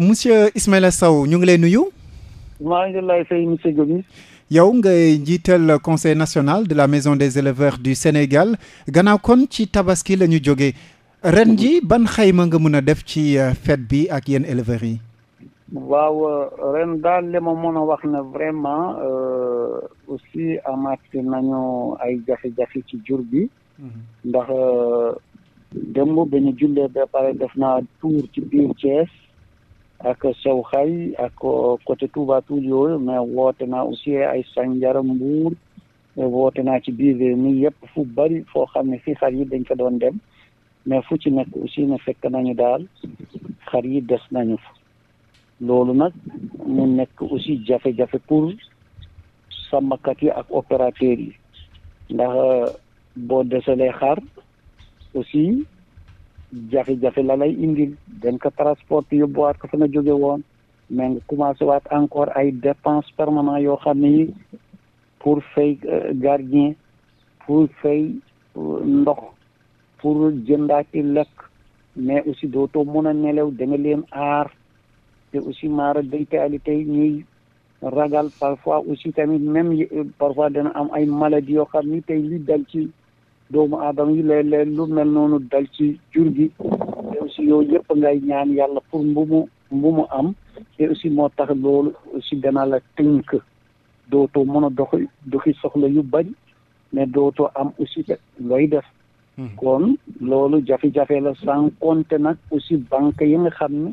monsieur Ismaïla saw ñu ngi lay nuyu. maa ngi lay yow nga njiital conseil national de la maison des éleveurs du Sénégal gannaaw kon ci tabaski la ñu jógee ren ji ban xayma nga mën a def ci euh, fête bi ak yéen éleveurs yi. waaw euh, ren daal li ma wax na vraiment euh, aussi amaat nañu ay jafe-jafe ci jur mhm. bi. ndax démb ba ñu jullee ba pare def naa tour ci biir Thiès. ak sew Xay ak côté Touba Toul yooyu mais woote naa aussi ay Sandiara Mbuur woote naa ci biir réew mi yëpp fu bari foo xam ne fii xar yi dañ fa doon dem mais fu ci nekk aussi ne fekk nañu daal xar yi des nañu fu loolu nag mu nekk aussi jafe-jafe pour sàmmkat yi ak opérateurs yi ndax boo desalee xar aussi jafe-jafe la lay indil dem ko transport yóbbuwaat ko fa nga jóge woon mais nga commencé waat encore ay dépense permanent yoo xam ne yi pour fay euh, gardien pour fay euh, ndox pour jëndaati lekk mais aussi dootoo mën a nelaw da nga leen aar te aussi maara day taali tey ñuy ragal parfois aussi tamit même euh, parfois dana ay maladie yoo xam ni tey li dal ci doomu aadama yi léeg-léeg lu mel noonu dal ci jur gi te aussi yooyu yëpp ngay ñaan yàlla pour mbumu am te aussi moo tax loolu aussi dana la tënk dootoo mën a doxi doxi soxla yu bari mais dootoo am aussi looy def hmm. kon loolu jafe-jafe la sans compter nag aussi banque yi nga xam ne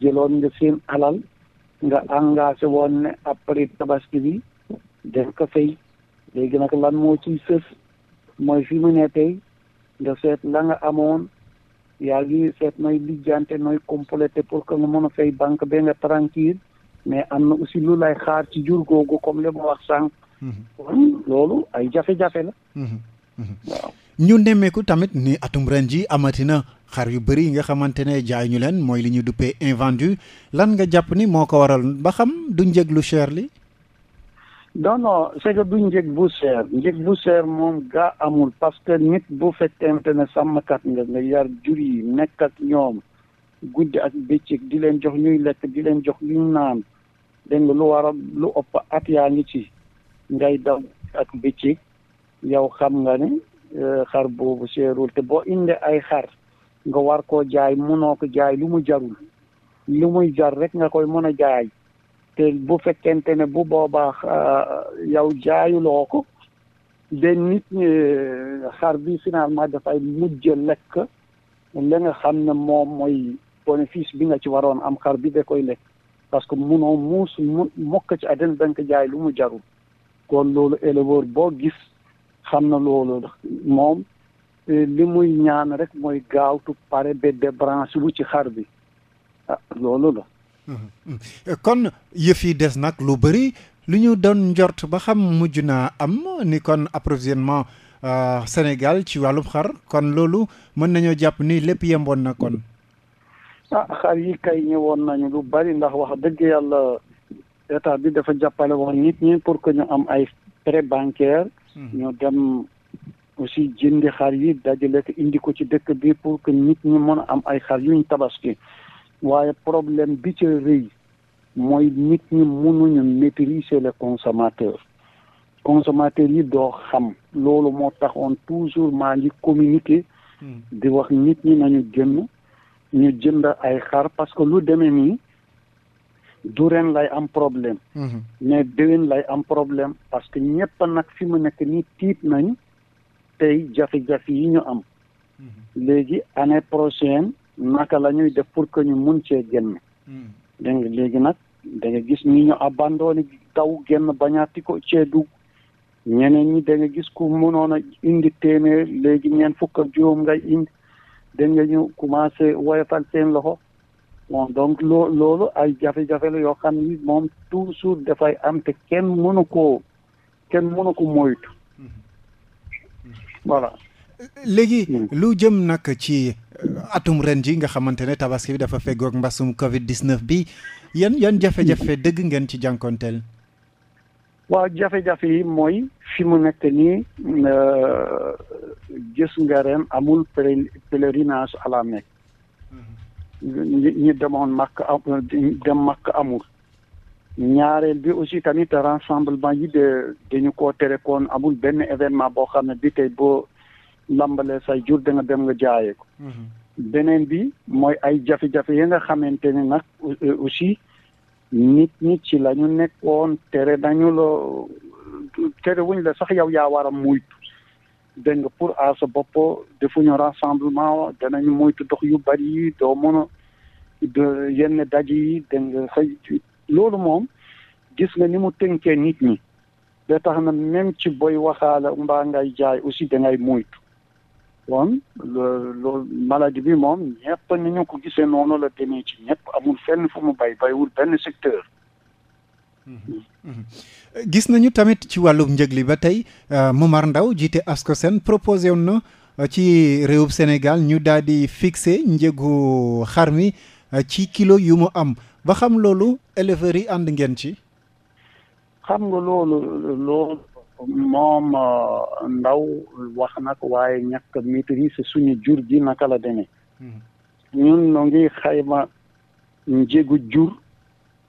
jëloon nga seen alal nga engagé woon ne après tabaski bi def ko fay léegi nag lan moo ciy mooy fi mu ne tey nga seet la nga amoon yaa ngi seet nooy lijjante nooy complété pour que nga mën a fay banque ba nga tranquille mais am na aussi lu lay xaar ci jur googu comme li ma wax sànq. Mm-hmm. loolu ay jafe-jafe la. Mm-hmm. Mm-hmm. waaw ñu nemmeeku tamit ni atum ren ji amatina xar yu bëri yi nga xamante ne jaay ñu leen mooy li ñu duppee invendu lan nga jàpp ni moo ko waral ba xam du njëg lu cher li. non non c'est que du njëg bu seer njëg bu seer moom gaa amul parce que nit bu fekkente ne sàmmkat nga nga yar jur yi nekk ak ñoom guddi ak bëccëg di leen jox ñuy lekk di leen jox ñuy naan dégg nga lu war a lu ëpp at yaa ngi ci ngay daw ak bëccëg yow xam nga ne e, xar boobu seerul te boo indee ay xar nga war koo jaay noo ko jaay lu mu jarul lu muy jar rek nga koy mën a jaay te bu fekkente ne bu boobaa yow jaayuloo ko de nit ñi xar bi finalement dafay mujj lekk li nga xam ne moom mooy bénéfice bi nga ci waroon am xar bi da koy lekk parce que munoo muus mu mokk ci àddina da ko jaay lu mu jarul kon loolu éleveur boo gis xam na loolu moom li muy ñaan rek mooy gaawtu pare ba débranché wu ci xar bi ah loolu la kon yëf yi des nag lu bari lu ñu doon njort ba xam mujj naa am ni kon approvisionnement euh, Sénégal ci wàllum xar kon loolu mën nañoo jàpp nii lépp yemboon na kon. ah xar yi kay ñëwoon nañu lu bari ndax wax dëgg yàlla état bi dafa jàppale woon nit ñi pour que ñu am ay prêt bancaire. Hmm. ñu dem aussi jëndi xar yi dajale ko indi ko ci dëkk bi pour que nit ñi mën a am ay xar yuñ tabaski. waaye problème bi ca rëy mooy nit ñi mënuñu maîtriser le consommateur consommateur yi doo xam loolu moo taxoon toujours maa ngi communiquer hmm. di wax nit ñi nañu génn ñu jënd ay xar parce que lu demee nii du ren lay am problème hmm. mais déwén lay am problème parce que ñëpp nag fi mu nekk nii tiit nañ tey jafe-jafe yi ñu am hmm. léegi année prochaine naka la ñuy def pour que ñu mun cee génn. Hmm. dégg léegi nag danga gis ñi ñu abandonné daw génn bañaati ko cee dugg ñeneen ñi da gis ku mënoon a indi téeméer léegi ñeen fukk ak juróom ngay indi dégg nga ñu commencé woyofal seen loxo bon donc loo loolu ay jafe-jafe la yoo xam ni moom suur dafay am te kenn mënu koo kenn mënu ko moytu hmm. Hmm. voilà. léegi lu jëm nag ci. atum ren ji nga xamante ne tabaski bi dafa feggoog mbasum Covid 19 bi yan yan jafe-jafe dëgg ngeen ci jànkonteel. waaw jafe-jafe yi mooy fi mu nekk ni euh, gis nga ren amul pèlerinage à la ñi ñi demoon makk am amul. ñaareel bi aussi tamit rassemblement yi de dañu koo tere koon amul benn événement boo xam ne bi boo. lambalee say jur danga dem nga jaayee ko. Mhm. beneen bi mooy ay jafe-jafe yi nga xamante ne nag euh, aussi nit ñi ci la ñu nekkoon tere dañu la tere wuñ la sax yow yaa war a muytu dégg nga pour à sa bopp defuñu rassemblement danañu muytu dox yu bari yi doo mën a yenn daj yi dégg nga xëy loolu moom gis nga ni mu tënkee nit ñi da tax na même ci boy waxaala mbaa ngay jaay aussi dangay ngay muytu kon loolu maladie bi moom ñëpp ni ñu ko gisee noonu la demee ci ñëpp amul fenn fu mu bay baywul benn secteur. Mm-hmm. gis nañu tamit ci wàllum njëg li ba tey euh, Momar Ndao jiite ASCOSEN proposé woon na euh, ci réewum Sénégal ñu daal di fixé njëgu xar mi euh, ci kilo yu mu am ba xam loolu éleveurs yi ànd ngeen ci. xam nga loolu loolu moom euh, ndaw wax nag waaye ñàkk maîtrise suñu jur gi naka la demee mhm. ñun no ngi xayma njëgu jur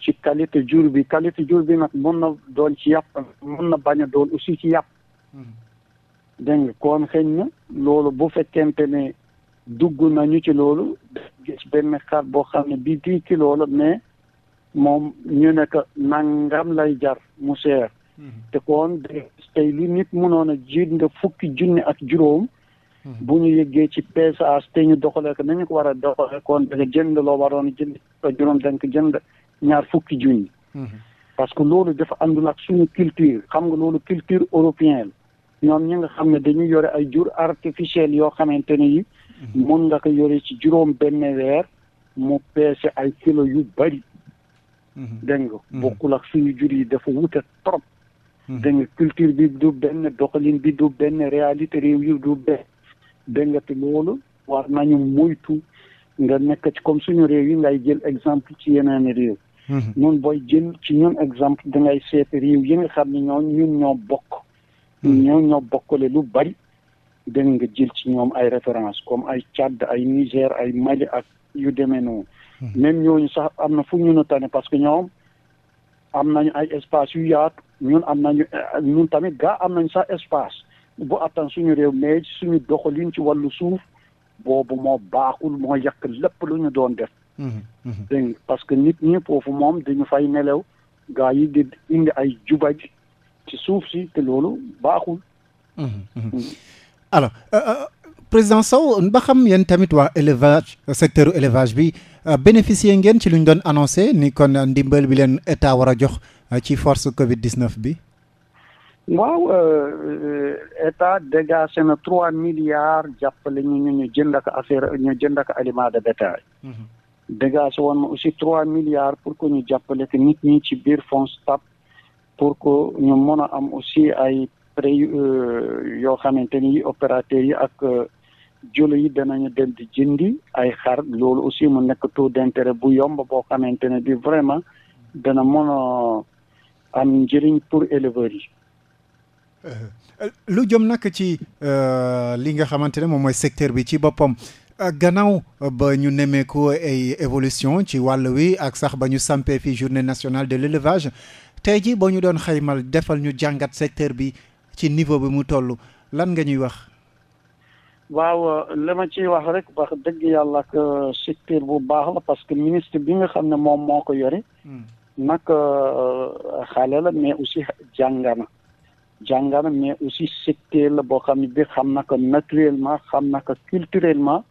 ci qualité jur bi qualité jur bi nag mën na doon ci yàpp mën na bañ a doon aussi ci yàpp mhm. dégg nga kon xëñ na loolu bu fekkente ne dugg nañu ci loolu gis benn xar boo xam ne bii di kilos la mais moom ñu ne que nangam lay jar mu seer te kon tey li nit mënoon a jiit nga fukki junni ak juróom. Mhm. bu ñu yëggee ci PSH te ñu doxalee ko nañu ko war a doxalee kon da nga jënd loo waroon jënd juróom da nga ko jënd ñaar fukki junni. Mhm. parce que loolu dafa àndul ak suñu culture xam nga loolu culture européenne ñoom ñi nga xam ne dañu yore ay jur artificiel yoo xamante ni yi. mën mhm. nga ko yore ci juróom benn weer mu peese ay kilo yu bari. dégg nga bokkul ak suñu jur yi dafa wute trop. Mhm. da nga culture bi du benn doxalin bi du benn réalité réew yi du benn da nga te loolu war nañu moytu nga nekk ci comme suñu réew yi ngay jël exemple ci yeneen réew mhm. ñun booy jël ci ñun exemple dangay seet réew yi nga xam ne ñoo ñun ñoo bokk mhm. ñoo ñoo bokkale lu bari da nga jël ci ñoom ay référence comme ay Tchad ay Niger ay Mali ak yu demee noonu même ñooñu sax am na fu ñunu nu tane parce que ñoom am nañu ay espace yu yaatu ñun am nañu ñun tamit ga am nañ sax espace bu attan suñu réew mais suñu doxalin ci wàllu suuf boobu moo baaxul moo yàq lépp lu ñu doon def. Mhm, mhm. parce que nit ñi foofu moom dañu fay nelew gaa yi di indi ay jubaj ci suuf si te loolu baaxul. Mhm, mm. alors euh, euh, président Sow ba xam yéen tamit waa élevage secteur élevage bi euh, bénéficier ngeen ci lu ñu doon annoncé ni kon ndimbal bi leen état war a jox. Euh, ci force Covid 19 bi. waaw euh, euh, état dégagé na trois milliards jàppale ñu ñu ñu jënd ak affaire ñu jënd ak aliment de bétail. Mhm. dégagé woon ma aussi trois milliards pour que ñu jàppale que nit ñi ci biir FONSTAB pour que ñu mën a am aussi ay prêt yoo xamante ni opérateurs yi ak jula yi danañu dem di jëndi ay xar loolu aussi mu nekk taux d'intérêt bu yomb boo xamante ne bi vraiment dana mën a am njëriñ pour éleveurs eh, lu jëm nag ci euh, li nga xamante ne moom mooy secteur bi ci boppam euh, gannaaw ba ñu nemmeeku ay évolution ci wàll wi ak sax ba ñu sampee fi journée nationale de l'élevage tey ji boo ñu doon xaymal defal ñu jàngat secteur bi ci niveau bi mu toll lan nga ñuy wax. waaw li ma ciy wax rek wax dëgg yàlla que secteur bu baax la parce que ministre bi nga xam ne moom moo ko yore. Hmm. nag eh, xale la mais aussi jàngana jàngana mais aussi secteur la boo xam ne bi xam nag ko naturellement xam na culturellement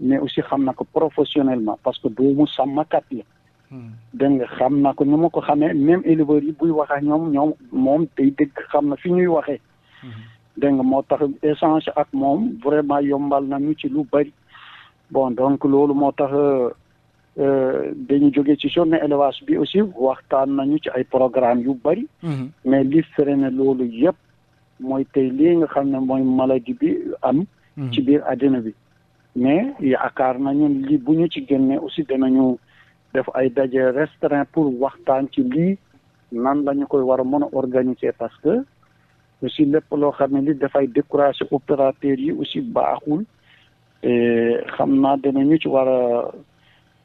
mais aussi xam na ko professionnellement parce que doomu sàmmkat la hmm. dégg nga xam na ko ñu ma ko xamee même éleveurs yi buy waxee ñoom ñoom moom day dégg xam na fi ñuy waxee hmm. dégg nga moo tax échange ak moom vraiment yombal nañu ci lu bari bon donc loolu moo tax dañu jóge ci sommet élevage bi aussi waxtaan nañu ci ay programme yu bëri mhm. mais li freiné loolu yëpp mooy tey lii nga xam ne mooy maladie bi am mhm. ci biir àddina bi mais yaakaar nañu lii bu ñu ci génnee aussi danañu def ay daje restreint pour waxtaan ci lii nan la ñu koy war a mën a organiser parce que aussi lépp loo xam ne li dafay décourager opérateurs yi aussi baaxul xam naa danañu ci war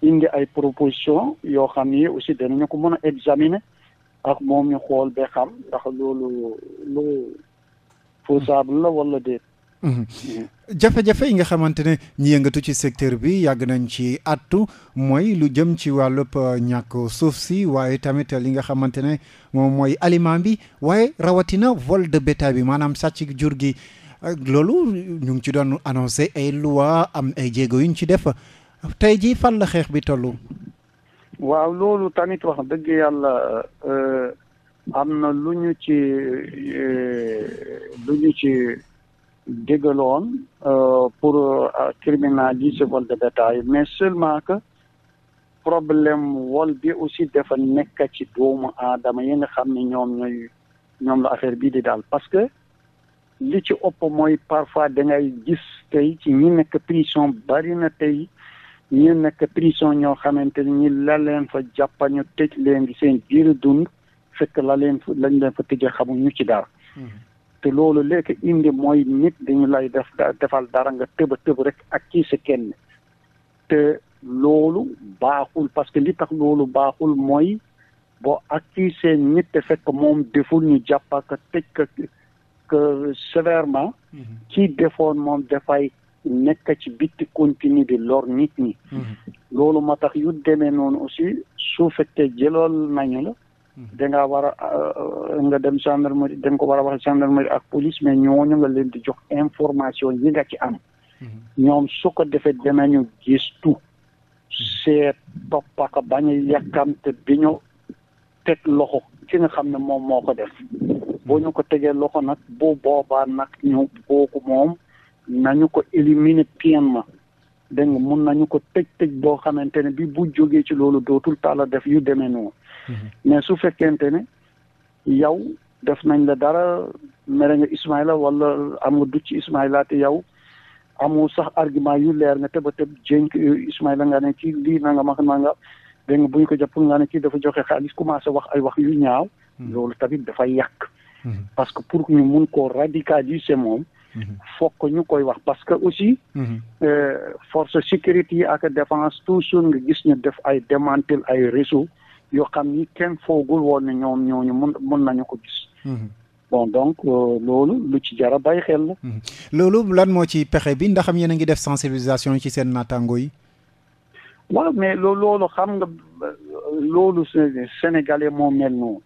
indi ay proposition yoo xam ni aussi danañu ko mën a examiner ak moom ñu xool ba xam ndax loolu lu mhm. Mhm. jafe-jafe yi nga xamante ne ñi yëngatu ci secteur bi yàgg nañ ci àttu mooy lu jëm ci wàllub euh, ñàkk suuf si waaye tamit li nga xamante ne moom mooy aliment bi waaye rawatina vol de bétail bi maanaam sàcc jur gi loolu ñu ngi ci doon annoncé ay loi am ay jéego yu ñu ci defa tey jii fan la xeex bi tollu waaw loolu tamit wax dëgg yàlla euh, am na lu ñu ci euh, lu ñu ci déggaloon euh, pour criminaliser vol de bétail mais seulement que problème wol bi aussi defa nekk ci doomu aadama yi nga xam ni ñoom ñooy ñoom la affaire bii di daal parce que li ci ëpp mooy parfois dangay gis tey ci ñi nekk prison bari na tey ñu nekk prison ñoo xamante ñi la leen fa jàppa ñu tëj leen seen biir dund fekk la leen lañ leen fa tëjee xamuñu ci dara mm-hmm. te loolu léegi indi mooy nit dañu lay def defal dara nga tëba tëb rek ak kii sa kenn te loolu baaxul parce que li tax loolu baaxul mooy boo accusé nit te fekk moom deful ñu jàppa ka tëj ka sévèrement mm-hmm. ki defoon moom defay nekk ci bitti continue di lor nit ñi mhm. loolu moo tax yu demee noonu aussi su fekkee jëlool nañu la mhm. da ngaa war a euh, nga dem gendarmerie da nga ko war a wax gendarmerie ak police mais ñooñu nga leen di jox information yi nga ci am mhm. ñoom su ko defee danañu gëstu seet toppaka bañ a yàkkamte bi ñu teg loxo ki nga xam ne moom moo ko def boo ñu ko tegee loxo nag bu boobaa nag ñu kooku moom nañu ko éliminer pleinement dégg nga mun nañu ko tëj tëj boo xamante ne bi bu jógee ci loolu dootul taala def yu demee noonu mhm. mais su fekkente ne yow def nañ la dara mere nga Ismaïla wala am nga ducc Ismaïla te yow amoo sax argument yu leer nga tëb a tëb jénk Ismaïla nga ne kii lii na nga max na nga dégg nga bu ñu ko jàpp nga ne kii dafa joxe xaalis commencé wax ay wax yu ñaaw mhm. loolu tamit dafay yàq mhm. parce que pour ñu mun koo radicaliser moom Mhm. fokk ñu koy wax parce que aussi mhm. euh, force sécurité yi ak défense toujours nga gis ñu def ay démantel ay réseau yoo xam ni kenn foogul woon ne ñoom ñooñu mun mun nañu ko gis mhm. bon donc euh, loolu lu ci jara bàyyi xel loolu lan moo ci pexe bi ndax am yéen a ngi def sensibilisation ci seen naataango yi waaw mais loolu xam nga loolu sénégalais moo mel noonu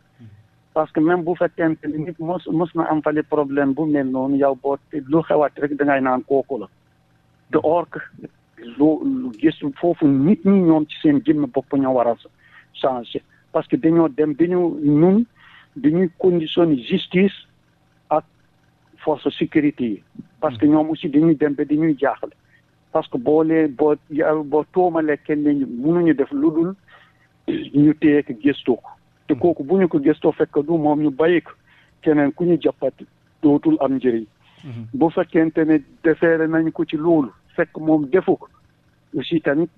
parce que même bu fekkente ni nit mos mos na am problème bu mel noonu yow boo lu xewaat rek dangay naan kooku la de or foofu nit ñi ñoom ci seen jëmm bopp ñoo war a changer parce que dañoo dem dañu ñun dañuy conditionner justice ak force sécurité yi parce que mm-hmm. ñoom aussi dañuy dem ba dañuy jaaxle parce que boo lee boo boo toomalee kenn mënuñu def lu dul ñu teek ko gëstu ko te hmm. kooku bu ñu ko gëstoo fekk du moom ñu bàyyi ko keneen ku ñu jàppat dootul am njëriñ. Hmm. bu fekkente ne defeere nañ ko ci loolu fekk moom defu ko aussi tamit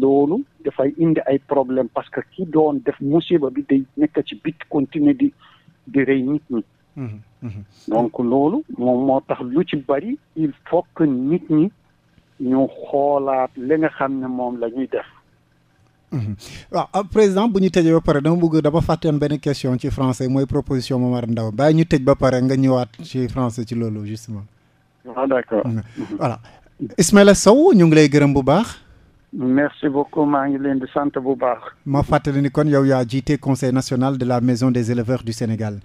loolu dafay indi ay problème parce que ki doon def musiba bi day nekk ci bit continuer di di rey nit ñi. Hmm. donc loolu moom moo tax lu ci bari il faut que nit ñi ñu xoolaat li nga xam ne moom la ñuy def. waaw mhm. ab ah, ah, président bu ñu tëjee ba pare dama bëgg dafa fàttewoon benn question ci français mooy proposition Momar Ndao bàyyi ñu tëj ba pare nga ñëwaat ci français ci loolu justement waaw ah, d'accord voilà Ismaïla Sow ñu ngi lay gërëm bu baax merci beaucoup maa ngi leen sant bu ma fàttali ni kon yow yaa jiite conseil national de la maison des éleveurs du Sénégal